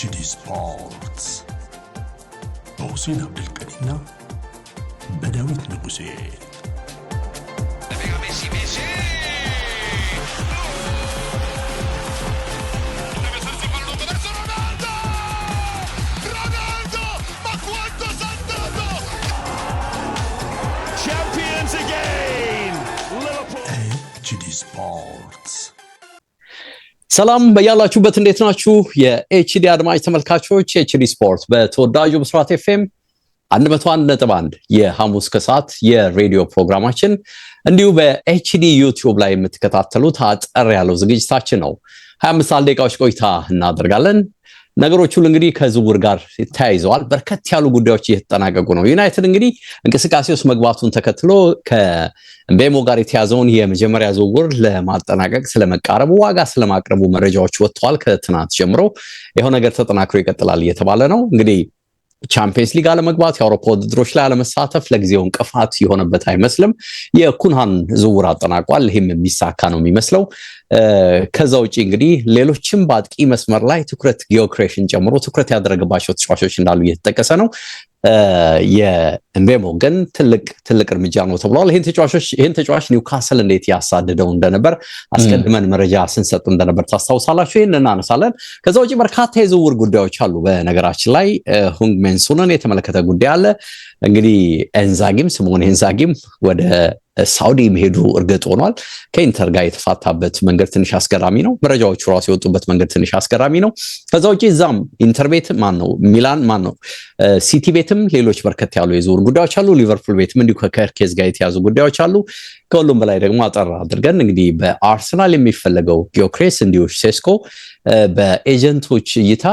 HD ስፖርትስ በሁሴን አብደልቀኒና በዳዊት ንጉሴ HD Sport. ሰላም በያላችሁበት እንዴት ናችሁ? የኤችዲ አድማጭ ተመልካቾች ኤችዲ ስፖርት በተወዳጁ ብስራት ኤፍኤም 101.1 የሐሙስ ከሰዓት የሬዲዮ ፕሮግራማችን እንዲሁ በኤችዲ ዩቲዩብ ላይ የምትከታተሉት አጠር ያለው ዝግጅታችን ነው። 25 ደቂቃዎች ቆይታ እናደርጋለን። ነገሮች ሁሉ እንግዲህ ከዝውውር ጋር ተያይዘዋል። በርከት ያሉ ጉዳዮች እየተጠናቀቁ ነው። ዩናይትድ እንግዲህ እንቅስቃሴ ውስጥ መግባቱን ተከትሎ ከቤሞ ጋር የተያዘውን የመጀመሪያ ዝውውር ለማጠናቀቅ ስለመቃረቡ፣ ዋጋ ስለማቅረቡ መረጃዎች ወጥተዋል። ከትናንት ጀምሮ ይኸው ነገር ተጠናክሮ ይቀጥላል እየተባለ ነው እንግዲህ ቻምፒየንስ ሊግ አለመግባት፣ የአውሮፓ ውድድሮች ላይ አለመሳተፍ ለጊዜው እንቅፋት የሆነበት አይመስልም። የኩንሃን ዝውውር አጠናቋል። ይህም የሚሳካ ነው የሚመስለው። ከዛ ውጭ እንግዲህ ሌሎችም በአጥቂ መስመር ላይ ትኩረት ጊዮክሬሽን ጨምሮ ትኩረት ያደረገባቸው ተጫዋቾች እንዳሉ እየተጠቀሰ ነው። የምቤሞ ግን ትልቅ ትልቅ እርምጃ ነው ተብሏል። ይህን ተጫዋች ኒውካስል እንዴት ያሳድደው እንደነበር አስቀድመን መረጃ ስንሰጥ እንደነበር ታስታውሳላችሁ። ይህን እናነሳለን። ከዛ ውጭ በርካታ የዝውውር ጉዳዮች አሉ። በነገራችን ላይ ሁንግ ሜንሱንን የተመለከተ ጉዳይ አለ። እንግዲህ ኤንዛጊም ስምኦን ኤንዛጊም ወደ ሳውዲ መሄዱ እርግጥ ሆኗል። ከኢንተር ጋር የተፋታበት መንገድ ትንሽ አስገራሚ ነው። መረጃዎቹ ራሱ የወጡበት መንገድ ትንሽ አስገራሚ ነው። ከዛ ውጭ እዛም ኢንተር ቤት ማን ነው ሚላን ማን ነው ሲቲ ቤትም ሌሎች በርከት ያሉ የዝውውር ጉዳዮች አሉ። ሊቨርፑል ቤትም እንዲሁ ከከርኬዝ ጋር የተያዙ ጉዳዮች አሉ። ከሁሉም በላይ ደግሞ አጠር አድርገን እንግዲህ በአርሰናል የሚፈለገው ጊዮክሬስ እንዲሁ ሴስኮ በኤጀንቶች እይታ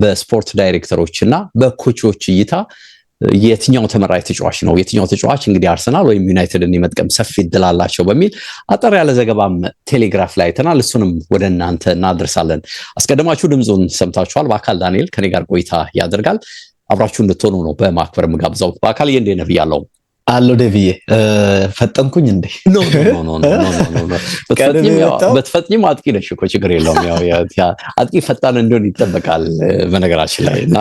በስፖርት ዳይሬክተሮች እና በኮቾች እይታ የትኛው ተመራጭ ተጫዋች ነው? የትኛው ተጫዋች እንግዲህ አርሰናል ወይም ዩናይትድን የመጥቀም ሰፊ እድል አላቸው በሚል አጠር ያለ ዘገባም ቴሌግራፍ ላይ አይተናል። እሱንም ወደ እናንተ እናደርሳለን። አስቀድማችሁ ድምፁን ሰምታችኋል። በአካል ዳንኤል ከኔ ጋር ቆይታ ያደርጋል። አብራችሁ እንድትሆኑ ነው በማክበር ምጋብዛው። በአካል እየንዴ ነፍ አለው ደብዬ ፈጠንኩኝ እንዴ? አጥቂ ነች እኮ ችግር የለውም። አጥቂ ፈጣን እንዲሆን ይጠበቃል በነገራችን ላይ እና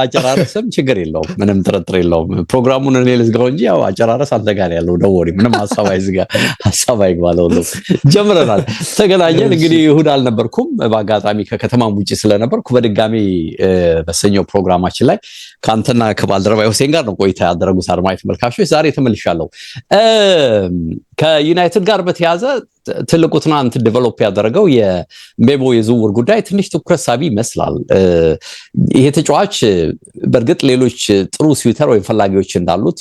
አጨራረስም ችግር የለውም፣ ምንም ጥርጥር የለውም። ፕሮግራሙን እኔ ልዝጋው እንጂ ያው አጨራረስ አንተ ጋር ያለው ደወሪ ምንም ሀሳብ አይዝጋ፣ ሀሳብ ጀምረናል። ተገናኘን እንግዲህ ይሁድ አልነበርኩም በአጋጣሚ ከከተማም ውጭ ስለነበርኩ በድጋሚ በሰኞ ፕሮግራማችን ላይ ከአንተና ከባልደረባ ሁሴን ጋር ነው ቆይ ቆይታ ያደረጉት አድማጭ ተመልካቾች ዛሬ ተመልሻለሁ። ከዩናይትድ ጋር በተያዘ ትልቁ ትናንት ዲቨሎፕ ያደረገው የሜሞ የዝውውር ጉዳይ ትንሽ ትኩረት ሳቢ ይመስላል። ይሄ ተጫዋች በእርግጥ ሌሎች ጥሩ ስዊተር ወይም ፈላጊዎች እንዳሉት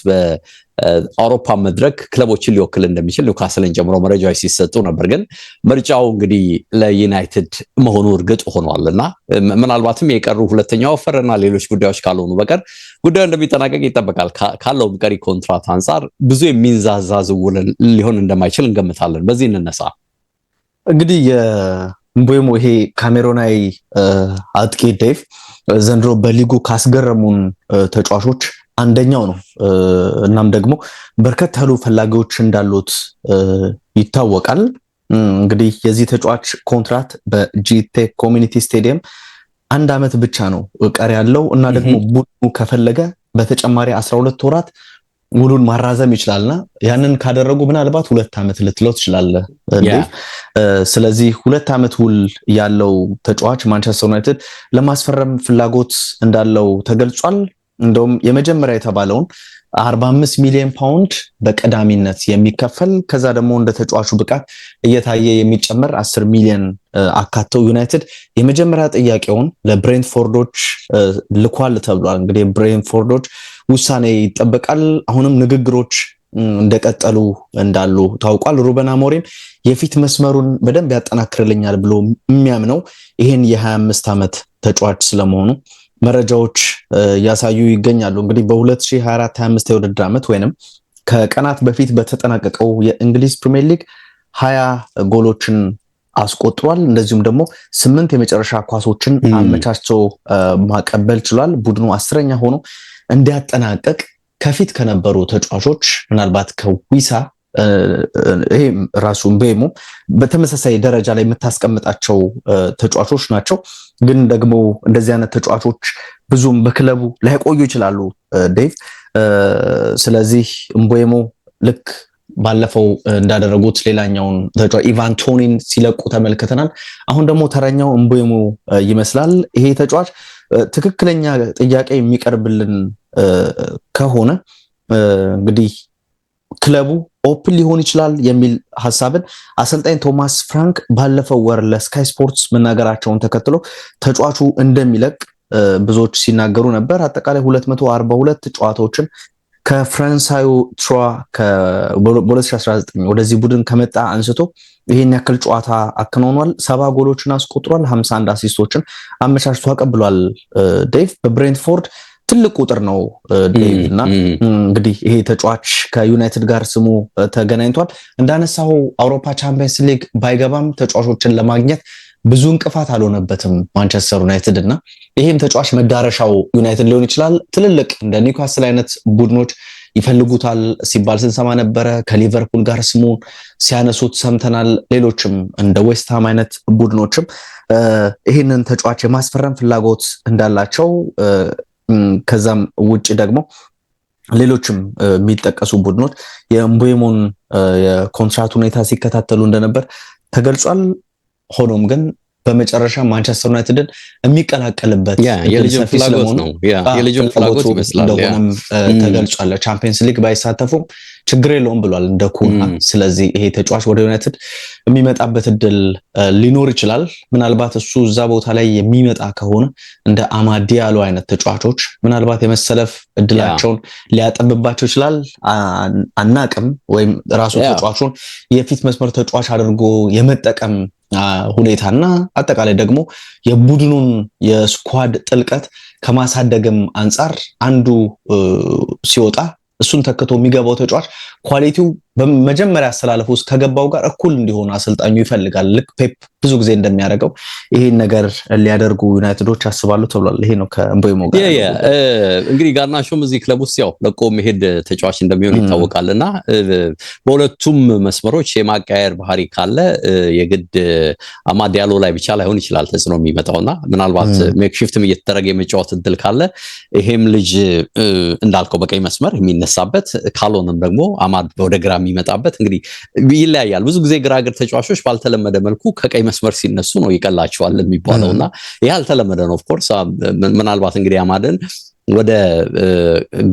አውሮፓ መድረክ ክለቦችን ሊወክል እንደሚችል ኒውካስልን ጨምሮ መረጃዎች ሲሰጡ ነበር። ግን ምርጫው እንግዲህ ለዩናይትድ መሆኑ እርግጥ ሆኗል እና ምናልባትም የቀሩ ሁለተኛው ወፈርና እና ሌሎች ጉዳዮች ካልሆኑ በቀር ጉዳዩ እንደሚጠናቀቅ ይጠበቃል። ካለውም ቀሪ ኮንትራት አንጻር ብዙ የሚንዛዛ ዝውውር ሊሆን እንደማይችል እንገምታለን። በዚህ እንነሳ እንግዲህ የምቦሞ ይሄ ካሜሮናዊ አጥቂ ዴቭ ዘንድሮ በሊጉ ካስገረሙን ተጫዋቾች አንደኛው ነው። እናም ደግሞ በርከት ያሉ ፈላጊዎች እንዳሉት ይታወቃል። እንግዲህ የዚህ ተጫዋች ኮንትራት በጂቴ ኮሚኒቲ ስቴዲየም አንድ ዓመት ብቻ ነው ቀር ያለው እና ደግሞ ቡድኑ ከፈለገ በተጨማሪ 12 ወራት ውሉን ማራዘም ይችላልና ያንን ካደረጉ ምናልባት ሁለት ዓመት ልትለው ትችላለ። ስለዚህ ሁለት ዓመት ውል ያለው ተጫዋች ማንቸስተር ዩናይትድ ለማስፈረም ፍላጎት እንዳለው ተገልጿል። እንደውም የመጀመሪያ የተባለውን 45 ሚሊዮን ፓውንድ በቀዳሚነት የሚከፈል ከዛ ደግሞ እንደ ተጫዋቹ ብቃት እየታየ የሚጨመር 10 ሚሊዮን አካተው ዩናይትድ የመጀመሪያ ጥያቄውን ለብሬንትፎርዶች ልኳል ተብሏል። እንግዲህ ብሬንትፎርዶች ውሳኔ ይጠበቃል። አሁንም ንግግሮች እንደቀጠሉ እንዳሉ ታውቋል። ሩበን አሞሪም የፊት መስመሩን በደንብ ያጠናክርልኛል ብሎ የሚያምነው ይህን የ25 ዓመት ተጫዋች ስለመሆኑ መረጃዎች እያሳዩ ይገኛሉ። እንግዲህ በ2024/25 የውድድር ዓመት ወይንም ከቀናት በፊት በተጠናቀቀው የእንግሊዝ ፕሪሚየር ሊግ ሀያ ጎሎችን አስቆጥሯል። እንደዚሁም ደግሞ ስምንት የመጨረሻ ኳሶችን አመቻችቶ ማቀበል ችሏል። ቡድኑ አስረኛ ሆኖ እንዲያጠናቀቅ ከፊት ከነበሩ ተጫዋቾች ምናልባት ከዊሳ ይሄ ራሱ ቤሞ በተመሳሳይ ደረጃ ላይ የምታስቀምጣቸው ተጫዋቾች ናቸው። ግን ደግሞ እንደዚህ አይነት ተጫዋቾች ብዙም በክለቡ ላይቆዩ ይችላሉ ዴቭ። ስለዚህ እምቦሞ ልክ ባለፈው እንዳደረጉት ሌላኛውን ተጫዋች ኢቫን ቶኒን ሲለቁ ተመልክተናል። አሁን ደግሞ ተረኛው እምቦሞ ይመስላል። ይሄ ተጫዋች ትክክለኛ ጥያቄ የሚቀርብልን ከሆነ እንግዲህ ክለቡ ኦፕን ሊሆን ይችላል የሚል ሀሳብን አሰልጣኝ ቶማስ ፍራንክ ባለፈው ወር ለስካይ ስፖርትስ መናገራቸውን ተከትሎ ተጫዋቹ እንደሚለቅ ብዙዎች ሲናገሩ ነበር። አጠቃላይ 242 ጨዋታዎችን ከፈረንሳዩ ትሯ በ2019 ወደዚህ ቡድን ከመጣ አንስቶ ይህን ያክል ጨዋታ አከናውኗል። ሰባ ጎሎችን አስቆጥሯል። 51 አሲስቶችን አመቻችቶ አቀብሏል። ዴቭ በብሬንትፎርድ ትልቅ ቁጥር ነው ዴቭ። እና እንግዲህ ይሄ ተጫዋች ከዩናይትድ ጋር ስሙ ተገናኝቷል። እንዳነሳው አውሮፓ ቻምፒየንስ ሊግ ባይገባም ተጫዋቾችን ለማግኘት ብዙ እንቅፋት አልሆነበትም ማንቸስተር ዩናይትድ እና ይህም ተጫዋች መዳረሻው ዩናይትድ ሊሆን ይችላል። ትልልቅ እንደ ኒውካስል አይነት ቡድኖች ይፈልጉታል ሲባል ስንሰማ ነበረ። ከሊቨርፑል ጋር ስሙ ሲያነሱት ሰምተናል። ሌሎችም እንደ ዌስትሃም አይነት ቡድኖችም ይህንን ተጫዋች የማስፈረም ፍላጎት እንዳላቸው ከዛም ውጭ ደግሞ ሌሎችም የሚጠቀሱ ቡድኖች የምቡሞን የኮንትራት ሁኔታ ሲከታተሉ እንደነበር ተገልጿል። ሆኖም ግን በመጨረሻ ማንቸስተር ዩናይትድን የሚቀላቀልበት የልጁን ፍላጎት ነው ፍላጎት ይመስላል ተገልጿል። ቻምፒየንስ ሊግ ባይሳተፉም ችግር የለውም ብሏል እንደ ኩና። ስለዚህ ይሄ ተጫዋች ወደ ዩናይትድ የሚመጣበት እድል ሊኖር ይችላል። ምናልባት እሱ እዛ ቦታ ላይ የሚመጣ ከሆነ እንደ አማዲ ያሉ አይነት ተጫዋቾች ምናልባት የመሰለፍ እድላቸውን ሊያጠብባቸው ይችላል። አናቅም ወይም ራሱ ተጫዋቹን የፊት መስመር ተጫዋች አድርጎ የመጠቀም ሁኔታና አጠቃላይ ደግሞ የቡድኑን የስኳድ ጥልቀት ከማሳደግም አንጻር አንዱ ሲወጣ እሱን ተክቶ የሚገባው ተጫዋች ኳሊቲው በመጀመሪያ አስተላለፍ ውስጥ ከገባው ጋር እኩል እንዲሆኑ አሰልጣኙ ይፈልጋል። ልክ ፔፕ ብዙ ጊዜ እንደሚያደርገው ይህን ነገር ሊያደርጉ ዩናይትዶች ያስባሉ ተብሏል። ይሄ ነው ከእምቦሞ ጋር እንግዲህ ጋርናሾም እዚህ ክለብ ውስጥ ያው ለቆ መሄድ ተጫዋች እንደሚሆን ይታወቃል እና በሁለቱም መስመሮች የማቀያየር ባህሪ ካለ የግድ አማድ ያሎ ላይ ብቻ ላይሆን ይችላል ተጽዕኖ የሚመጣውና ምናልባት ሜክሽፍትም እየተደረገ የመጫወት እድል ካለ ይሄም ልጅ እንዳልከው በቀኝ መስመር የሚነሳበት ካልሆነም ደግሞ አማድ ወደ ግራ የሚመጣበት እንግዲህ ይለያያል። ብዙ ጊዜ ግራግር ተጫዋቾች ባልተለመደ መልኩ ከቀይ መስመር ሲነሱ ነው ይቀላቸዋል የሚባለው እና ይህ አልተለመደ ነው። ኦፍኮርስ ምናልባት እንግዲህ አማድን ወደ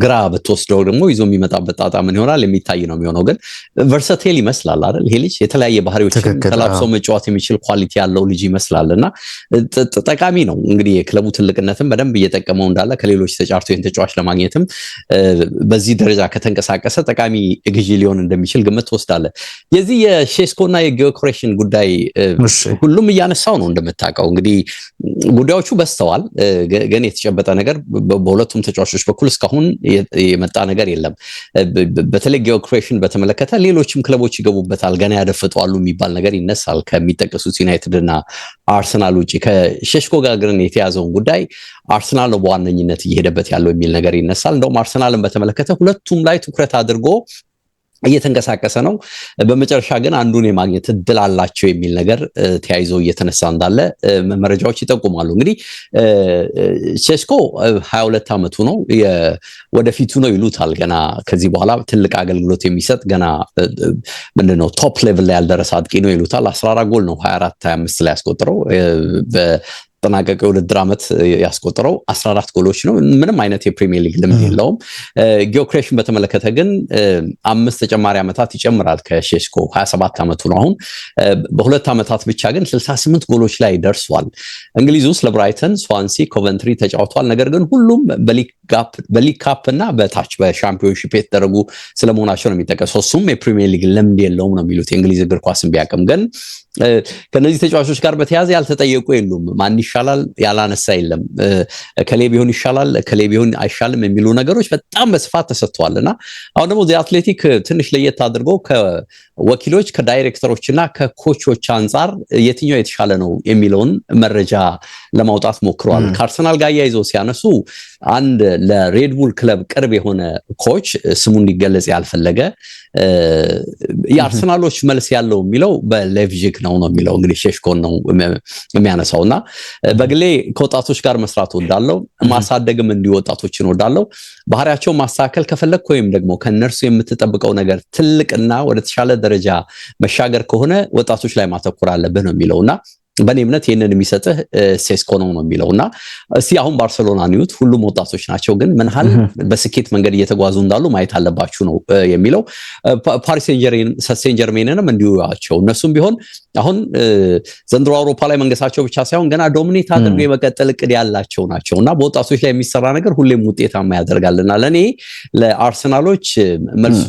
ግራ ብትወስደው ደግሞ ይዞ የሚመጣበት ጣጣ ምን ይሆናል የሚታይ ነው የሚሆነው። ግን ቨርሰቴል ይመስላል አይደል? ይሄ ልጅ የተለያየ ባህሪዎች ተላብሶ መጫወት የሚችል ኳሊቲ ያለው ልጅ ይመስላል እና ጠቃሚ ነው። እንግዲህ የክለቡ ትልቅነትም በደንብ እየጠቀመው እንዳለ ከሌሎች ተጫርቶ ይህን ተጫዋች ለማግኘትም በዚህ ደረጃ ከተንቀሳቀሰ ጠቃሚ ግዢ ሊሆን እንደሚችል ግምት ትወስዳለህ። የዚህ እና የጊዮክሬሽን ጉዳይ ሁሉም እያነሳው ነው እንደምታውቀው። እንግዲህ ጉዳዮቹ በስተዋል ግን የተጨበጠ ነገር በሁለ በሁለቱም ተጫዋቾች በኩል እስካሁን የመጣ ነገር የለም። በተለይ ጊዮክሬሽን በተመለከተ ሌሎችም ክለቦች ይገቡበታል፣ ገና ያደፍጠዋሉ የሚባል ነገር ይነሳል ከሚጠቀሱት ዩናይትድ እና አርሰናል ውጭ። ከሸሽኮ ጋር ግን የተያዘውን ጉዳይ አርሰናል ነው በዋነኝነት እየሄደበት ያለው የሚል ነገር ይነሳል። እንደውም አርሰናልን በተመለከተ ሁለቱም ላይ ትኩረት አድርጎ እየተንቀሳቀሰ ነው። በመጨረሻ ግን አንዱን የማግኘት እድል አላቸው የሚል ነገር ተያይዞ እየተነሳ እንዳለ መረጃዎች ይጠቁማሉ። እንግዲህ ሴስኮ ሀያ ሁለት ዓመቱ ነው፣ ወደፊቱ ነው ይሉታል። ገና ከዚህ በኋላ ትልቅ አገልግሎት የሚሰጥ ገና ምንድነው ቶፕ ሌቭል ላይ ያልደረሰ አጥቂ ነው ይሉታል። አስራ አራት ጎል ነው ሀያ አራት ሀያ አምስት ላይ ያስቆጥረው ያጠናቀቀ የውድድር ዓመት ያስቆጠረው 14 ጎሎች ነው። ምንም አይነት የፕሪሚየር ሊግ ልምድ የለውም። ጊዮክሬሽን በተመለከተ ግን አምስት ተጨማሪ ዓመታት ይጨምራል ከሼስኮ 27 ዓመቱ ነው አሁን። በሁለት ዓመታት ብቻ ግን 68 ጎሎች ላይ ደርሷል። እንግሊዝ ውስጥ ለብራይተን፣ ስዋንሲ፣ ኮቨንትሪ ተጫውቷል። ነገር ግን ሁሉም በሊግ ካፕ እና በታች በሻምፒዮንሺፕ የተደረጉ ስለመሆናቸው ነው የሚጠቀሰው። እሱም የፕሪሚየር ሊግ ልምድ የለውም ነው የሚሉት የእንግሊዝ እግር ኳስን ቢያቅም ግን ከነዚህ ተጫዋቾች ጋር በተያያዘ ያልተጠየቁ የሉም ማን ይሻላል ያላነሳ የለም፣ እከሌ ቢሆን ይሻላል እከሌ ቢሆን አይሻልም የሚሉ ነገሮች በጣም በስፋት ተሰጥተዋል እና አሁን ደግሞ እዚህ አትሌቲክ ትንሽ ለየት አድርጎ ከወኪሎች ከዳይሬክተሮች እና ከኮቾች አንጻር የትኛው የተሻለ ነው የሚለውን መረጃ ለማውጣት ሞክረዋል። ከአርሰናል ጋር አያይዘው ሲያነሱ አንድ ለሬድቡል ክለብ ቅርብ የሆነ ኮች ስሙ እንዲገለጽ ያልፈለገ የአርሰናሎች መልስ ያለው የሚለው በሌቭዥግ ነው ነው የሚለው እንግዲህ ሸሽኮን ነው የሚያነሳው እና በግሌ ከወጣቶች ጋር መስራት ወዳለው ማሳደግም እንዲሁ ወጣቶችን ወዳለው ባህሪያቸው ማስተካከል ከፈለግ ወይም ደግሞ ከእነርሱ የምትጠብቀው ነገር ትልቅና ወደ ተሻለ ደረጃ መሻገር ከሆነ ወጣቶች ላይ ማተኮር አለብህ ነው የሚለው እና በእኔ እምነት ይህንን የሚሰጥህ ሴስኮ ነው ነው የሚለው እና እስቲ አሁን ባርሰሎና ኒዩት ሁሉም ወጣቶች ናቸው፣ ግን ምንሃል በስኬት መንገድ እየተጓዙ እንዳሉ ማየት አለባችሁ ነው የሚለው። ፓሪስ ሴን ጀርሜንንም እንዲሁ ያቸው። እነሱም ቢሆን አሁን ዘንድሮ አውሮፓ ላይ መንገሳቸው ብቻ ሳይሆን ገና ዶሚኔት አድርጎ የመቀጠል እቅድ ያላቸው ናቸው እና በወጣቶች ላይ የሚሰራ ነገር ሁሌም ውጤታማ ያደርጋልና ለእኔ ለአርሰናሎች መልሱ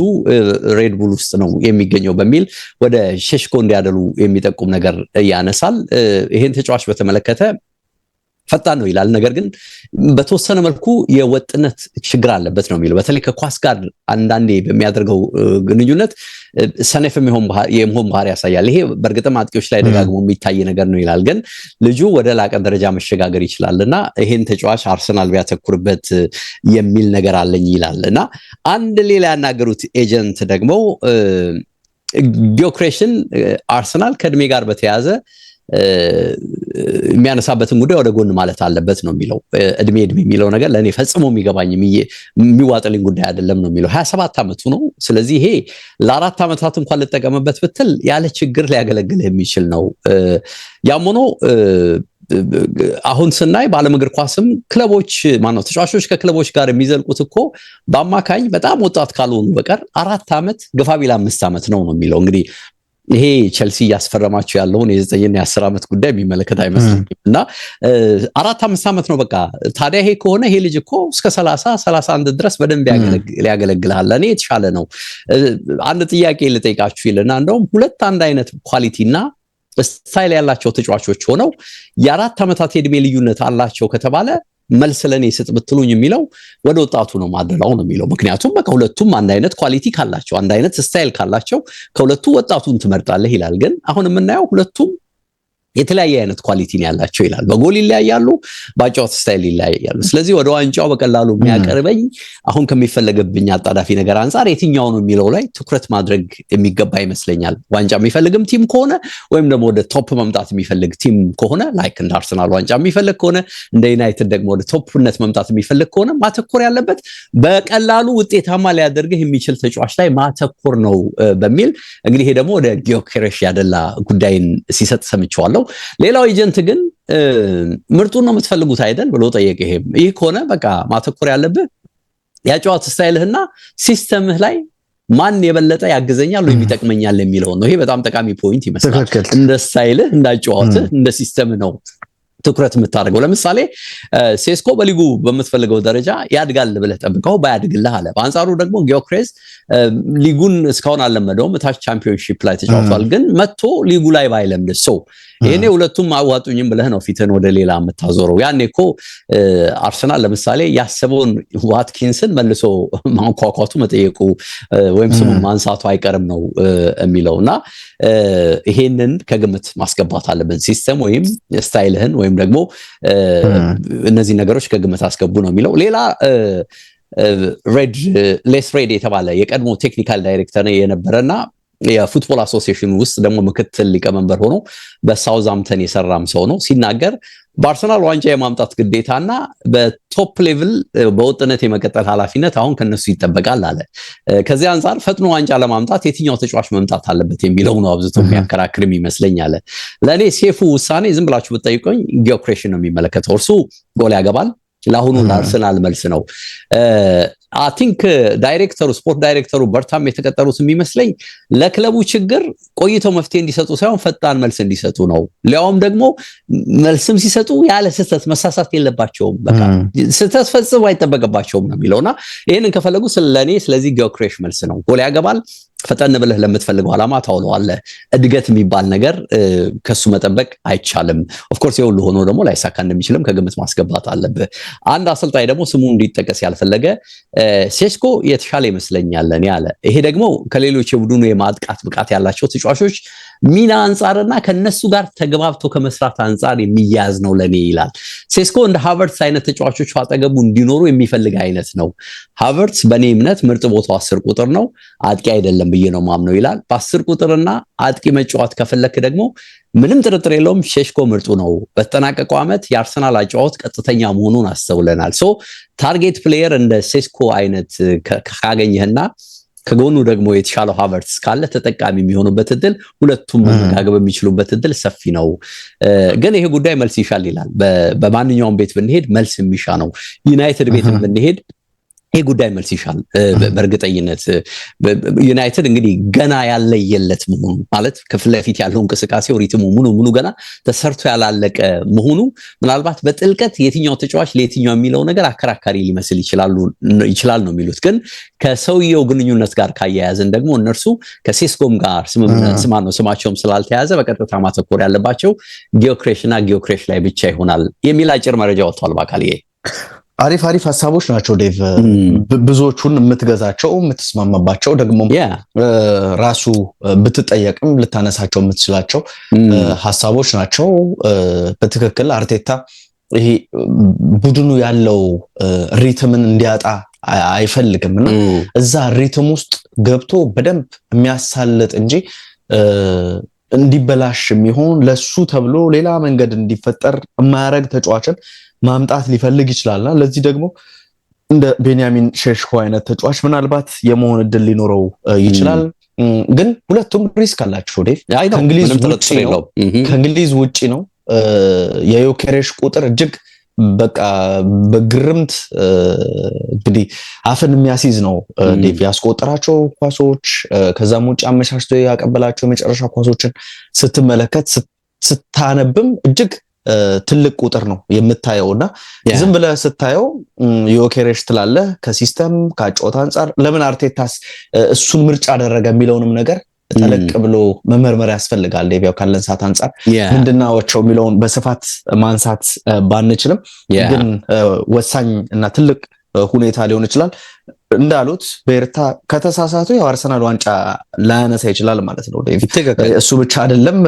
ሬድቡል ውስጥ ነው የሚገኘው በሚል ወደ ሸሽኮ እንዲያደሉ የሚጠቁም ነገር ያነሳል። ይሄን ተጫዋች በተመለከተ ፈጣን ነው ይላል። ነገር ግን በተወሰነ መልኩ የወጥነት ችግር አለበት ነው የሚለው። በተለይ ከኳስ ጋር አንዳንዴ በሚያደርገው ግንኙነት ሰነፍ የመሆን ባህሪ ያሳያል። ይሄ በእርግጥም አጥቂዎች ላይ ደጋግሞ የሚታይ ነገር ነው ይላል። ግን ልጁ ወደ ላቀ ደረጃ መሸጋገር ይችላል እና ይሄን ተጫዋች አርሰናል ቢያተኩርበት የሚል ነገር አለኝ ይላል እና አንድ ሌላ ያናገሩት ኤጀንት ደግሞ ጊዮክሬሽን አርሰናል ከእድሜ ጋር በተያያዘ የሚያነሳበትን ጉዳይ ወደ ጎን ማለት አለበት ነው የሚለው። እድሜ እድሜ የሚለው ነገር ለእኔ ፈጽሞ የሚገባኝ የሚዋጥልኝ ጉዳይ አይደለም ነው የሚለው። ሀያ ሰባት ዓመቱ ነው። ስለዚህ ይሄ ለአራት ዓመታት እንኳን ልጠቀምበት ብትል ያለ ችግር ሊያገለግል የሚችል ነው። ያም ሆኖ አሁን ስናይ በዓለም እግር ኳስም ክለቦች ማነው ተጫዋቾች ከክለቦች ጋር የሚዘልቁት እኮ በአማካኝ በጣም ወጣት ካልሆኑ በቀር አራት ዓመት ግፋ ቢል አምስት ዓመት ነው ነው የሚለው እንግዲህ ይሄ ቸልሲ እያስፈረማቸው ያለውን የዘጠኝ የአስር ዓመት ጉዳይ የሚመለከት አይመስልም እና አራት አምስት ዓመት ነው በቃ። ታዲያ ይሄ ከሆነ ይሄ ልጅ እኮ እስከ ሰላሳ ሰላሳ አንድ ድረስ በደንብ ያገለግልሃል። እኔ የተሻለ ነው። አንድ ጥያቄ ልጠይቃችሁ ይልና እንደውም ሁለት አንድ አይነት ኳሊቲ እና ስታይል ያላቸው ተጫዋቾች ሆነው የአራት ዓመታት የእድሜ ልዩነት አላቸው ከተባለ መልስ ለእኔ ስጥ ብትሉኝ የሚለው ወደ ወጣቱ ነው ማደላው ነው የሚለው። ምክንያቱም በቃ ሁለቱም አንድ አይነት ኳሊቲ ካላቸው፣ አንድ አይነት ስታይል ካላቸው ከሁለቱ ወጣቱን ትመርጣለህ ይላል። ግን አሁን የምናየው ሁለቱም የተለያየ አይነት ኳሊቲ ያላቸው ይላል። በጎል ይለያያሉ፣ በአጫዋት ስታይል ይለያያሉ። ስለዚህ ወደ ዋንጫው በቀላሉ የሚያቀርበኝ አሁን ከሚፈለገብኝ አጣዳፊ ነገር አንጻር የትኛው ነው የሚለው ላይ ትኩረት ማድረግ የሚገባ ይመስለኛል። ዋንጫ የሚፈልግም ቲም ከሆነ ወይም ደግሞ ወደ ቶፕ መምጣት የሚፈልግ ቲም ከሆነ ላይክ እንደ አርሰናል ዋንጫ የሚፈልግ ከሆነ እንደ ዩናይትድ ደግሞ ወደ ቶፕነት መምጣት የሚፈልግ ከሆነ ማተኮር ያለበት በቀላሉ ውጤታማ ሊያደርግህ የሚችል ተጫዋች ላይ ማተኮር ነው በሚል እንግዲህ ይሄ ደግሞ ወደ ጊዮኬሬሽ ያደላ ጉዳይን ሲሰጥ ሰምቼዋለሁ። ሌላው ኤጀንት ግን ምርጡን ነው የምትፈልጉት አይደል ብሎ ጠየቀ። ይሄም ይህ ከሆነ በቃ ማተኮር ያለብህ ያጨዋት ስታይልህና ሲስተምህ ላይ ማን የበለጠ ያግዘኛል ወይም ይጠቅመኛል የሚለውን ነው። ይሄ በጣም ጠቃሚ ፖይንት ይመስላል። እንደ ስታይልህ፣ እንዳጨዋትህ፣ እንደ ሲስተም ነው ትኩረት የምታደርገው። ለምሳሌ ሴስኮ በሊጉ በምትፈልገው ደረጃ ያድጋል ብለህ ጠብቀው ባያድግልህ አለ። በአንጻሩ ደግሞ ጊዮክሬዝ ሊጉን እስካሁን አልለመደውም። እታች ቻምፒዮንሺፕ ላይ ተጫውቷል። ግን መጥቶ ሊጉ ላይ ባይለምድ ሰው ይህኔ ሁለቱም አዋጡኝም ብለህ ነው ፊትን ወደ ሌላ የምታዞረው። ያኔ እኮ አርሰናል ለምሳሌ ያሰበውን ዋትኪንስን መልሶ ማንኳኳቱ መጠየቁ ወይም ስሙ ማንሳቱ አይቀርም ነው የሚለው እና ይሄንን ከግምት ማስገባት አለብን። ሲስተም ወይም ስታይልህን ወይም ደግሞ እነዚህ ነገሮች ከግምት አስገቡ ነው የሚለው ሌላ ሌስ ሬድ የተባለ የቀድሞ ቴክኒካል ዳይሬክተር የነበረ እና የፉትቦል አሶሲሽን ውስጥ ደግሞ ምክትል ሊቀመንበር ሆኖ በሳውዛምተን የሰራም ሰው ነው። ሲናገር በአርሰናል ዋንጫ የማምጣት ግዴታ እና በቶፕ ሌቭል በወጥነት የመቀጠል ኃላፊነት አሁን ከነሱ ይጠበቃል አለ። ከዚህ አንጻር ፈጥኖ ዋንጫ ለማምጣት የትኛው ተጫዋች መምጣት አለበት የሚለው ነው አብዝቶ የሚያከራክርም ይመስለኝ አለ። ለእኔ ሴፉ ውሳኔ ዝም ብላችሁ ብትጠይቁኝ ጊዮክሬሽን ነው የሚመለከተው። እርሱ ጎል ያገባል ለአሁኑ ለአርሰናል መልስ ነው። አይ ዳይሬክተሩ ስፖርት ዳይሬክተሩ በርታም የተቀጠሩት የሚመስለኝ ለክለቡ ችግር ቆይተው መፍትሄ እንዲሰጡ ሳይሆን ፈጣን መልስ እንዲሰጡ ነው። ሊያውም ደግሞ መልስም ሲሰጡ ያለ ስህተት መሳሳት የለባቸውም። በቃ ስህተት ፈጽሞ አይጠበቅባቸውም ነው የሚለውና ይህንን ከፈለጉ ለእኔ ስለዚህ ጊዮክሬሽ መልስ ነው። ጎል ያገባል ፈጠን ብለህ ለምትፈልገው ዓላማ ታውለዋለህ። እድገት የሚባል ነገር ከሱ መጠበቅ አይቻልም። ኦፍኮርስ የሁሉ ሆኖ ደግሞ ላይሳካ እንደሚችልም ከግምት ማስገባት አለብህ። አንድ አሰልጣኝ ደግሞ ስሙ እንዲጠቀስ ያልፈለገ ሴስኮ የተሻለ ይመስለኛለን ያለ፣ ይሄ ደግሞ ከሌሎች የቡድኑ የማጥቃት ብቃት ያላቸው ተጫዋቾች ሚና አንጻርና ከነሱ ጋር ተግባብቶ ከመስራት አንጻር የሚያያዝ ነው ለኔ ይላል። ሴስኮ እንደ ሃቨርትስ አይነት ተጫዋቾች አጠገቡ እንዲኖሩ የሚፈልግ አይነት ነው። ሃቨርትስ በእኔ እምነት ምርጥ ቦታው አስር ቁጥር ነው፣ አጥቂ አይደለም ብዬ ነው ማምነው ይላል። በአስር ቁጥርና አጥቂ መጫወት ከፈለክ ደግሞ ምንም ጥርጥር የለውም ሼሽኮ ምርጡ ነው። በተጠናቀቀው ዓመት የአርሰናል አጫወት ቀጥተኛ መሆኑን አስተውለናል። ሶ ታርጌት ፕሌየር እንደ ሴስኮ አይነት ካገኘህና ከጎኑ ደግሞ የተሻለው ሀቨርትስ ካለ ተጠቃሚ የሚሆኑበት እድል ሁለቱም መመጋገብ የሚችሉበት እድል ሰፊ ነው። ግን ይሄ ጉዳይ መልስ ይሻል ይላል። በማንኛውም ቤት ብንሄድ መልስ የሚሻ ነው። ዩናይትድ ቤት ብንሄድ ይሄ ጉዳይ መልስ ይሻል በእርግጠኝነት። ዩናይትድ እንግዲህ ገና ያለየለት መሆኑ ማለት ከፊት ለፊት ያለው እንቅስቃሴው ሪትሙ ሙሉ ሙሉ ገና ተሰርቶ ያላለቀ መሆኑ ምናልባት በጥልቀት የትኛው ተጫዋች ለየትኛው የሚለው ነገር አከራካሪ ሊመስል ይችላል ነው የሚሉት። ግን ከሰውየው ግንኙነት ጋር ካያያዝን ደግሞ እነርሱ ከሴስኮም ጋር ስማ ነው ስማቸውም ስላልተያዘ በቀጥታ ማተኮር ያለባቸው ጊዮክሬሽ እና ጊዮክሬሽ ላይ ብቻ ይሆናል የሚል አጭር መረጃ ወጥቷል በአካል አሪፍ አሪፍ ሀሳቦች ናቸው ዴቭ። ብዙዎቹን የምትገዛቸው የምትስማማባቸው፣ ደግሞ ራሱ ብትጠየቅም ልታነሳቸው የምትችላቸው ሀሳቦች ናቸው። በትክክል አርቴታ ይሄ ቡድኑ ያለው ሪትምን እንዲያጣ አይፈልግም እና እዛ ሪትም ውስጥ ገብቶ በደንብ የሚያሳልጥ እንጂ እንዲበላሽ የሚሆን ለሱ ተብሎ ሌላ መንገድ እንዲፈጠር የማያደርግ ተጫዋችን ማምጣት ሊፈልግ ይችላልና ለዚህ ደግሞ እንደ ቤንያሚን ሼሽኮ አይነት ተጫዋች ምናልባት የመሆን እድል ሊኖረው ይችላል። ግን ሁለቱም ሪስክ አላቸው። ዴቭ ከእንግሊዝ ውጭ ነው። የዮኬሬሽ ቁጥር እጅግ በቃ በግርምት እንግዲህ አፍን የሚያስይዝ ነው። ዴቭ ያስቆጠራቸው ኳሶች ከዛም ውጭ አመቻችቶ ያቀበላቸው የመጨረሻ ኳሶችን ስትመለከት ስታነብም እጅግ ትልቅ ቁጥር ነው የምታየው እና ዝም ብለህ ስታየው ዮኬሬሽ ትላለህ። ከሲስተም ከአጨዋወት አንጻር ለምን አርቴታስ እሱን ምርጫ አደረገ የሚለውንም ነገር ተለቅ ብሎ መመርመር ያስፈልጋል። ቢያው ካለን ሰዓት አንጻር ምንድናቸው የሚለውን በስፋት ማንሳት ባንችልም ግን ወሳኝ እና ትልቅ ሁኔታ ሊሆን ይችላል። እንዳሉት በኤርታ ከተሳሳቱ ያው አርሰናል ዋንጫ ላያነሳ ይችላል ማለት ነው። እሱ ብቻ አይደለም፣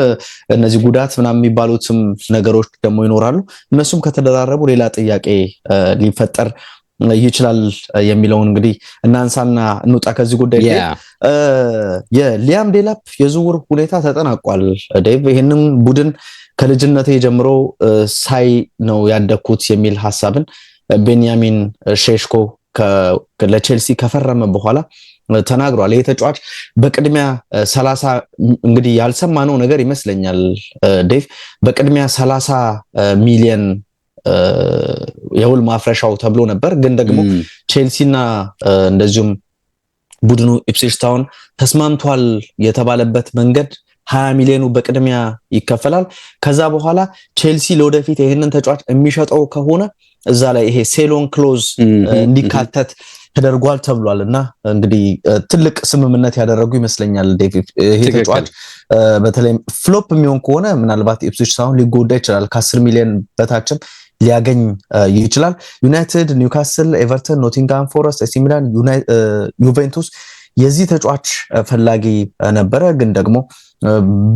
እነዚህ ጉዳት ምናምን የሚባሉትም ነገሮች ደግሞ ይኖራሉ። እነሱም ከተደራረቡ ሌላ ጥያቄ ሊፈጠር ይችላል የሚለውን እንግዲህ እናንሳና እንውጣ ከዚህ ጉዳይ። የሊያም ዴላፕ የዝውውር ሁኔታ ተጠናቋል። ዴቭ ይህንን ቡድን ከልጅነቴ ጀምሮ ሳይ ነው ያደግኩት የሚል ሀሳብን ቤንያሚን ሼሽኮ ለቼልሲ ከፈረመ በኋላ ተናግሯል። ይህ ተጫዋች በቅድሚያ ሰላሳ እንግዲህ ያልሰማነው ነገር ይመስለኛል ዴቭ በቅድሚያ ሰላሳ ሚሊየን የውል ማፍረሻው ተብሎ ነበር፣ ግን ደግሞ ቼልሲና እንደዚሁም ቡድኑ ኢፕስዊች ታውን ተስማምቷል የተባለበት መንገድ ሀያ ሚሊዮኑ በቅድሚያ ይከፈላል። ከዛ በኋላ ቼልሲ ለወደፊት ይህንን ተጫዋች የሚሸጠው ከሆነ እዛ ላይ ይሄ ሴሎን ክሎዝ እንዲካተት ተደርጓል ተብሏል። እና እንግዲህ ትልቅ ስምምነት ያደረጉ ይመስለኛል። ይሄ ተጫዋች በተለይም ፍሎፕ የሚሆን ከሆነ ምናልባት ኢፕስዊች ሳይሆን ሊጎዳ ይችላል። ከአስር ሚሊዮን በታችም ሊያገኝ ይችላል። ዩናይትድ፣ ኒውካስል፣ ኤቨርተን፣ ኖቲንግሃም ፎረስት፣ ኤሲ ሚላን፣ ዩቬንቱስ የዚህ ተጫዋች ፈላጊ ነበረ፣ ግን ደግሞ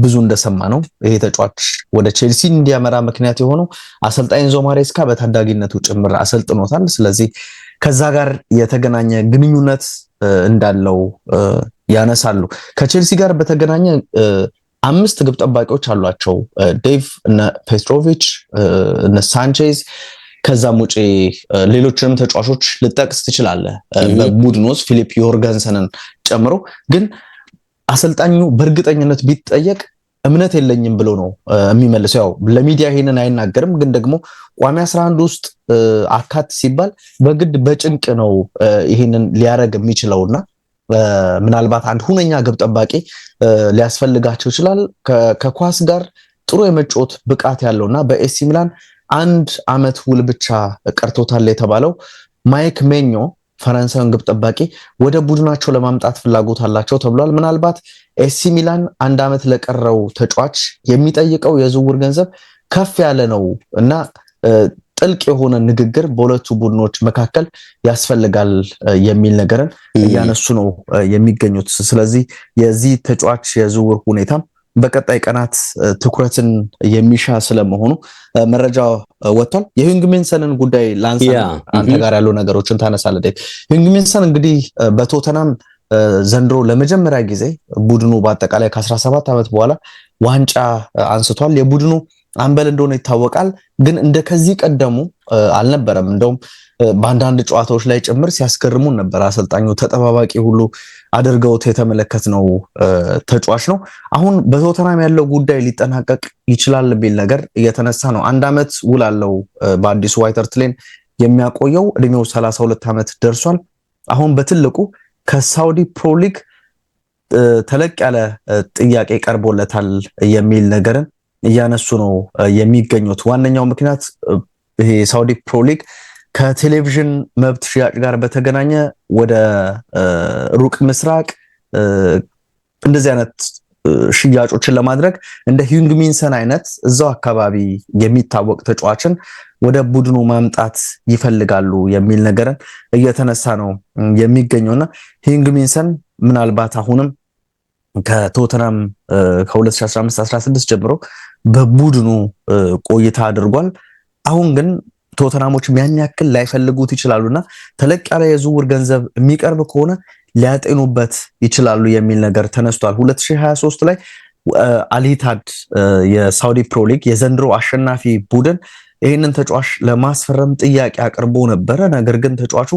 ብዙ እንደሰማ ነው ይሄ ተጫዋች ወደ ቼልሲ እንዲያመራ ምክንያት የሆነው አሰልጣኝ ኢንዞ ማሬስካ በታዳጊነቱ ጭምር አሰልጥኖታል። ስለዚህ ከዛ ጋር የተገናኘ ግንኙነት እንዳለው ያነሳሉ። ከቼልሲ ጋር በተገናኘ አምስት ግብ ጠባቂዎች አሏቸው ዴቭ፣ እነ ፔትሮቪች፣ እነ ሳንቼዝ ከዛም ውጪ ሌሎችንም ተጫዋቾች ልጠቅስ ትችላለህ። በቡድን ውስጥ ፊሊፕ ዮርገንሰንን ጨምሮ ግን አሰልጣኙ በእርግጠኝነት ቢጠየቅ እምነት የለኝም ብሎ ነው የሚመልሰው። ያው ለሚዲያ ይሄንን አይናገርም፣ ግን ደግሞ ቋሚ 11 ውስጥ አካት ሲባል በግድ በጭንቅ ነው ይሄንን ሊያደርግ እና ምናልባት አንድ ሁነኛ ግብ ጠባቂ ሊያስፈልጋቸው ይችላል። ከኳስ ጋር ጥሩ የመጫወት ብቃት ያለውና በኤሲ ሚላን አንድ አመት ውል ብቻ ቀርቶታል የተባለው ማይክ ሜኞ ፈረንሳዊን ግብ ጠባቂ ወደ ቡድናቸው ለማምጣት ፍላጎት አላቸው ተብሏል። ምናልባት ኤሲ ሚላን አንድ ዓመት ለቀረው ተጫዋች የሚጠይቀው የዝውውር ገንዘብ ከፍ ያለ ነው እና ጥልቅ የሆነ ንግግር በሁለቱ ቡድኖች መካከል ያስፈልጋል የሚል ነገርን እያነሱ ነው የሚገኙት። ስለዚህ የዚህ ተጫዋች የዝውውር ሁኔታም በቀጣይ ቀናት ትኩረትን የሚሻ ስለመሆኑ መረጃ ወጥቷል። የሂንግሚንሰንን ጉዳይ ላንሳ፣ አንተ ጋር ያሉ ነገሮችን ታነሳለ። ሂንግሚንሰን እንግዲህ በቶተናም ዘንድሮ ለመጀመሪያ ጊዜ ቡድኑ በአጠቃላይ ከ17 ዓመት በኋላ ዋንጫ አንስቷል። የቡድኑ አንበል እንደሆነ ይታወቃል። ግን እንደ ከዚህ ቀደሙ አልነበረም። እንደውም በአንዳንድ ጨዋታዎች ላይ ጭምር ሲያስገርሙን ነበር። አሰልጣኙ ተጠባባቂ ሁሉ አድርገውት የተመለከትነው ተጫዋች ነው። አሁን በቶተናም ያለው ጉዳይ ሊጠናቀቅ ይችላል የሚል ነገር እየተነሳ ነው። አንድ ዓመት ውል አለው በአዲሱ ዋይተርትሌን የሚያቆየው እድሜው 32 ዓመት ደርሷል። አሁን በትልቁ ከሳውዲ ፕሮሊግ ተለቅ ያለ ጥያቄ ቀርቦለታል የሚል ነገርን እያነሱ ነው የሚገኙት። ዋነኛው ምክንያት ይሄ ሳውዲ ፕሮሊግ ከቴሌቪዥን መብት ሽያጭ ጋር በተገናኘ ወደ ሩቅ ምስራቅ እንደዚህ አይነት ሽያጮችን ለማድረግ እንደ ሂንግሚንሰን አይነት እዛው አካባቢ የሚታወቅ ተጫዋችን ወደ ቡድኑ ማምጣት ይፈልጋሉ የሚል ነገርን እየተነሳ ነው የሚገኘውና ሂንግሚንሰን ምናልባት አሁንም ከቶተናም ከ2015 16 ጀምሮ በቡድኑ ቆይታ አድርጓል። አሁን ግን ቶተናሞች ያን ያክል ላይፈልጉት ይችላሉና ተለቅ ያለ የዝውውር ገንዘብ የሚቀርብ ከሆነ ሊያጤኑበት ይችላሉ የሚል ነገር ተነስቷል። 2023 ላይ አሊታድ የሳውዲ ፕሮሊግ የዘንድሮ አሸናፊ ቡድን ይህንን ተጫዋች ለማስፈረም ጥያቄ አቅርቦ ነበረ። ነገር ግን ተጫዋቹ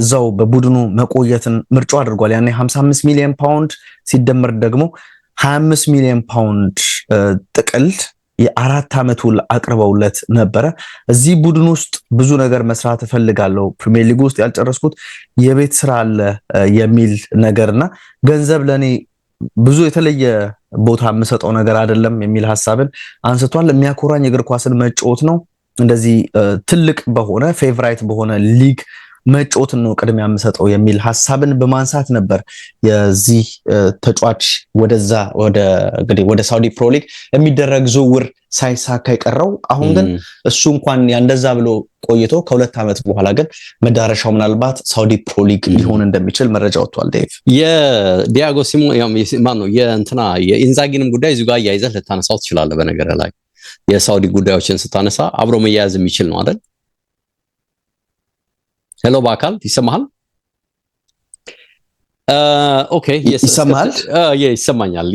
እዛው በቡድኑ መቆየትን ምርጫ አድርጓል። ያኔ 55 ሚሊዮን ፓውንድ ሲደመር ደግሞ 25 ሚሊዮን ፓውንድ ጥቅል የአራት ዓመት ውል አቅርበውለት ነበረ። እዚህ ቡድን ውስጥ ብዙ ነገር መስራት እፈልጋለሁ፣ ፕሪሚየር ሊግ ውስጥ ያልጨረስኩት የቤት ስራ አለ የሚል ነገር እና ገንዘብ ለእኔ ብዙ የተለየ ቦታ የምሰጠው ነገር አይደለም የሚል ሀሳብን አንስቷል። የሚያኮራኝ እግር ኳስን መጫወት ነው እንደዚህ ትልቅ በሆነ ፌቨራይት በሆነ ሊግ መጮትን ነው ቅድሚያ የምሰጠው የሚል ሀሳብን በማንሳት ነበር የዚህ ተጫዋች ወደዛ ወደ እንግዲህ ወደ ሳውዲ ፕሮሊግ የሚደረግ ዝውውር ሳይሳካ የቀረው። አሁን ግን እሱ እንኳን ያንደዛ ብሎ ቆይቶ ከሁለት ዓመት በኋላ ግን መዳረሻው ምናልባት ሳውዲ ፕሮሊግ ሊሆን እንደሚችል መረጃ ወጥቷል። ዴቭ የዲያጎ ሲሞን ነው የእንትና የኢንዛጊንም ጉዳይ እዚሁ ጋር አያይዘህ ልታነሳው ትችላለህ። በነገር ላይ የሳውዲ ጉዳዮችን ስታነሳ አብሮ መያያዝ የሚችል ነው አይደል? ሄሎ በአካል ይሰማሃል? ኦኬ ይሰማል። ይሰማኛል።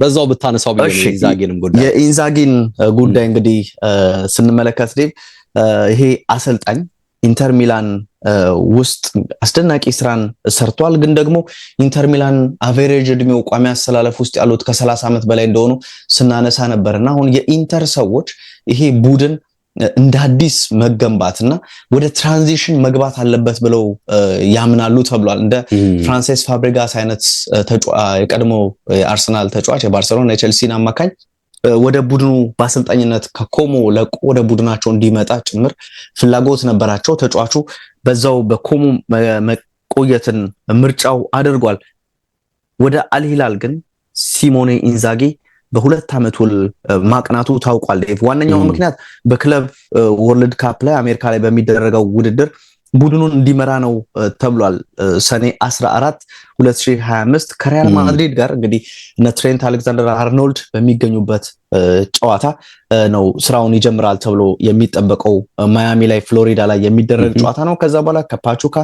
በዛው ብታነሳው ኢንዛጊንም ጉዳይ የኢንዛጊን ጉዳይ እንግዲህ ስንመለከት ዴቭ ይሄ አሰልጣኝ ኢንተር ሚላን ውስጥ አስደናቂ ስራን ሰርቷል። ግን ደግሞ ኢንተር ሚላን አቬሬጅ እድሜው ቋሚ አስተላለፍ ውስጥ ያሉት ከሰላሳ ዓመት በላይ እንደሆኑ ስናነሳ ነበር እና አሁን የኢንተር ሰዎች ይሄ ቡድን እንደ አዲስ መገንባትና ወደ ትራንዚሽን መግባት አለበት ብለው ያምናሉ ተብሏል። እንደ ፍራንሴስ ፋብሪጋስ አይነት የቀድሞ የአርሰናል ተጫዋች የባርሰሎና የቼልሲን አማካኝ ወደ ቡድኑ በአሰልጣኝነት ከኮሞ ለቆ ወደ ቡድናቸው እንዲመጣ ጭምር ፍላጎት ነበራቸው። ተጫዋቹ በዛው በኮሞ መቆየትን ምርጫው አድርጓል። ወደ አልሂላል ግን ሲሞኔ ኢንዛጌ። በሁለት ዓመት ውል ማቅናቱ ታውቋል። ዋነኛው ምክንያት በክለብ ወርልድ ካፕ ላይ አሜሪካ ላይ በሚደረገው ውድድር ቡድኑን እንዲመራ ነው ተብሏል። ሰኔ 14 2025 ከሪያል ማድሪድ ጋር እንግዲህ እነ ትሬንት አሌክዛንደር አርኖልድ በሚገኙበት ጨዋታ ነው ስራውን ይጀምራል ተብሎ የሚጠበቀው ማያሚ ላይ ፍሎሪዳ ላይ የሚደረግ ጨዋታ ነው። ከዛ በኋላ ከፓቹካ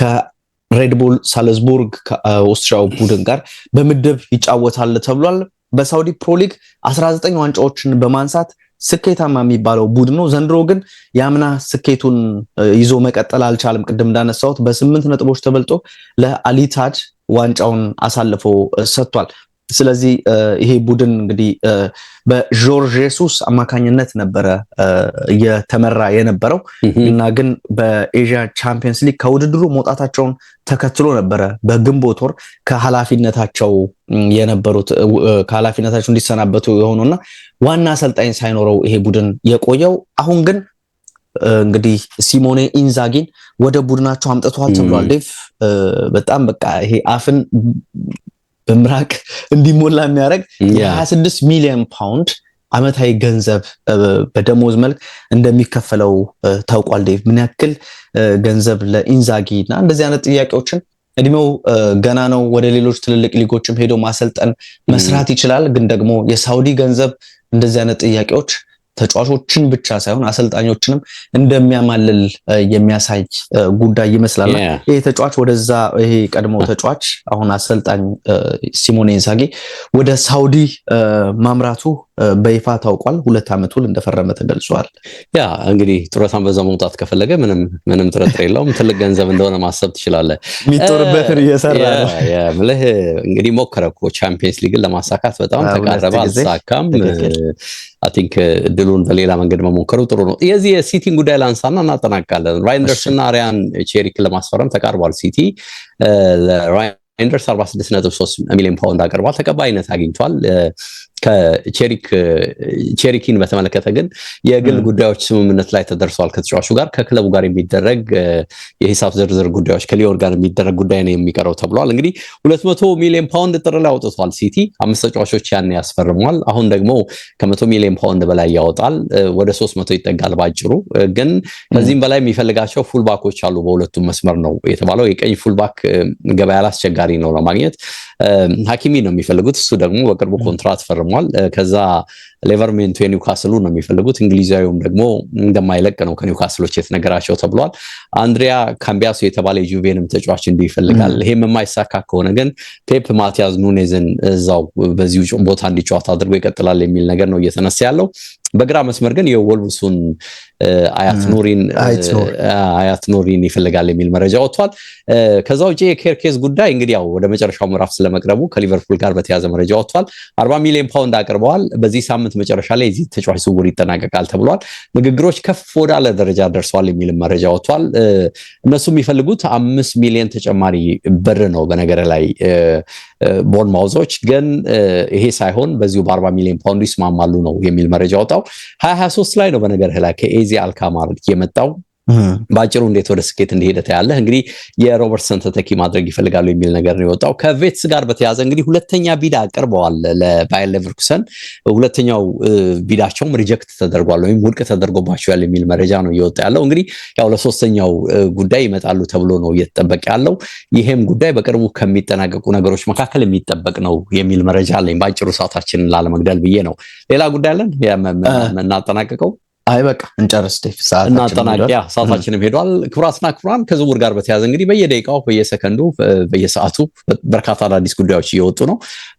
ከሬድቡል ሳልዝቡርግ ከኦስትሪያው ቡድን ጋር በምድብ ይጫወታል ተብሏል። በሳውዲ ፕሮሊግ 19 ዋንጫዎችን በማንሳት ስኬታማ የሚባለው ቡድን ነው። ዘንድሮ ግን የአምና ስኬቱን ይዞ መቀጠል አልቻለም። ቅድም እንዳነሳሁት በስምንት ነጥቦች ተበልጦ ለአሊታድ ዋንጫውን አሳልፎ ሰጥቷል። ስለዚህ ይሄ ቡድን እንግዲህ በጆርጅ ሱስ አማካኝነት ነበረ እየተመራ የነበረው እና ግን በኤዥያ ቻምፒየንስ ሊግ ከውድድሩ መውጣታቸውን ተከትሎ ነበረ በግንቦት ወር ከሀላፊነታቸው የነበሩት ከሀላፊነታቸው እንዲሰናበቱ እና ዋና አሰልጣኝ ሳይኖረው ይሄ ቡድን የቆየው አሁን ግን እንግዲህ ሲሞኔ ኢንዛጊን ወደ ቡድናቸው አምጥተዋል ተብሏል። ዴቭ በጣም በቃ ይሄ አፍን በምራቅ እንዲሞላ የሚያደርግ የ26 ሚሊዮን ፓውንድ አመታዊ ገንዘብ በደሞዝ መልክ እንደሚከፈለው ታውቋል። ምን ያክል ገንዘብ ለኢንዛጊ እና እንደዚህ አይነት ጥያቄዎችን እድሜው ገና ነው፣ ወደ ሌሎች ትልልቅ ሊጎችም ሄዶ ማሰልጠን መስራት ይችላል። ግን ደግሞ የሳውዲ ገንዘብ እንደዚህ አይነት ጥያቄዎች ተጫዋቾችን ብቻ ሳይሆን አሰልጣኞችንም እንደሚያማልል የሚያሳይ ጉዳይ ይመስላል። ይሄ ተጫዋች ወደዛ ይሄ ቀድሞ ተጫዋች አሁን አሰልጣኝ ሲሞኔ ኢንዛጊ ወደ ሳውዲ ማምራቱ በይፋ ታውቋል። ሁለት ዓመት ውል እንደፈረመ ተገልጿል። ያ እንግዲህ ጡረታን በዛ መውጣት ከፈለገ ምንም ጥርጥር የለውም። ትልቅ ገንዘብ እንደሆነ ማሰብ ትችላለህ። የሚጦርበትን እየሰራ ነው። ምልህ እንግዲህ ሞከረ እኮ ቻምፒየንስ ሊግን ለማሳካት በጣም ተቃረበ፣ አልተሳካም። አይ ቲንክ ድሉን በሌላ መንገድ መሞከሩ ጥሩ ነው። የዚህ የሲቲን ጉዳይ ላንሳና እናጠናቃለን። ራይንደርስ እና ሪያን ቼሪክን ለማስፈረም ተቃርቧል። ሲቲ ራይንደርስ 46.3 ሚሊዮን ፓውንድ አቅርቧል። ተቀባይነት አግኝቷል። ከቼሪኪን በተመለከተ ግን የግል ጉዳዮች ስምምነት ላይ ተደርሷል ከተጫዋቹ ጋር ከክለቡ ጋር የሚደረግ የሂሳብ ዝርዝር ጉዳዮች ከሊዮን ጋር የሚደረግ ጉዳይ ነው የሚቀረው ተብሏል። እንግዲህ ሁለት መቶ ሚሊዮን ፓውንድ ጥር ላይ አውጥቷል ሲቲ አምስት ተጫዋቾች ያን ያስፈርሟል። አሁን ደግሞ ከመቶ ሚሊዮን ፓውንድ በላይ ያወጣል። ወደ ሶስት መቶ ይጠጋል። ባጭሩ ግን ከዚህም በላይ የሚፈልጋቸው ፉልባኮች አሉ። በሁለቱም መስመር ነው የተባለው። የቀኝ ፉልባክ ገበያ ላይ አስቸጋሪ ነው ለማግኘት ሀኪሚ ነው የሚፈልጉት። እሱ ደግሞ በቅርቡ ኮንትራት ፈርሟል። ፈርሟል። ከዛ ሌቨርሜንቱ የኒውካስሉ ነው የሚፈልጉት። እንግሊዛዊውም ደግሞ እንደማይለቅ ነው ከኒውካስሎች የተነገራቸው ተብሏል። አንድሪያ ካምቢያሱ የተባለ የጁቬንም ተጫዋች እንዲሁ ይፈልጋል። ይሄም የማይሳካ ከሆነ ግን ፔፕ ማቲያዝ ኑኔዝን እዛው በዚሁ ቦታ እንዲጫወት አድርጎ ይቀጥላል የሚል ነገር ነው እየተነሳ ያለው። በግራ መስመር ግን የወልቭሱን አያት ኑሪን ይፈልጋል የሚል መረጃ ወጥቷል። ከዛ ውጭ የኬርኬዝ ጉዳይ እንግዲህ ያው ወደ መጨረሻው ምዕራፍ ስለመቅረቡ ከሊቨርፑል ጋር በተያዘ መረጃ ወጥቷል። አርባ ሚሊዮን ፓውንድ አቅርበዋል። በዚህ ሳምንት መጨረሻ ላይ የዚህ ተጫዋች ዝውውር ይጠናቀቃል ተብሏል። ንግግሮች ከፍ ወዳለ ደረጃ ደርሰዋል የሚል መረጃ ወጥቷል። እነሱ የሚፈልጉት አምስት ሚሊዮን ተጨማሪ ብር ነው። በነገር ላይ ቦን ማውዞች ግን ይሄ ሳይሆን በዚሁ በአርባ ሚሊዮን ፓውንድ ይስማማሉ ነው የሚል መረጃ ወጣው። ሀያ ሀያ ሶስት ላይ ነው በነገር ላይ ከኤ ጊዜ አልካማር የመጣው በአጭሩ እንዴት ወደ ስኬት እንደሄደ ታያለህ። እንግዲህ የሮበርትሰን ተተኪ ማድረግ ይፈልጋሉ የሚል ነገር ነው የወጣው። ከቬትስ ጋር በተያዘ እንግዲህ ሁለተኛ ቢዳ አቅርበዋል ለባየር ሌቨርኩሰን። ሁለተኛው ቢዳቸውም ሪጀክት ተደርጓል ወይም ውድቅ ተደርጎባቸዋል የሚል መረጃ ነው እየወጣ ያለው። እንግዲህ ያው ለሶስተኛው ጉዳይ ይመጣሉ ተብሎ ነው እየተጠበቀ ያለው። ይሄም ጉዳይ በቅርቡ ከሚጠናቀቁ ነገሮች መካከል የሚጠበቅ ነው የሚል መረጃ አለኝ። በአጭሩ ሰዓታችንን ላለመግደል ብዬ ነው። ሌላ ጉዳይ አለን እናጠናቀቀው አይ በቃ እንጨርስ እናጠናቅ። ሰዓታችንም ሄዷል። ክቡራትና ክቡራን ከዝውውር ጋር በተያዘ እንግዲህ በየደቂቃው በየሰከንዱ፣ በየሰዓቱ በርካታ አዳዲስ ጉዳዮች እየወጡ ነው።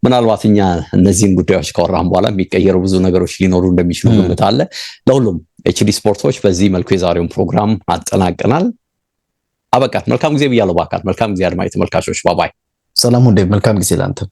ምናልባት እኛ እነዚህን ጉዳዮች ካወራን በኋላ የሚቀየሩ ብዙ ነገሮች ሊኖሩ እንደሚችሉ ግምት አለ። ለሁሉም ኤችዲ ስፖርቶች በዚህ መልኩ የዛሬውን ፕሮግራም አጠናቀናል። አበቃት። መልካም ጊዜ ብያለሁ። በአካል መልካም ጊዜ አድማጭ ተመልካቾች፣ ባባይ ሰላም መልካም ጊዜ ለአንተ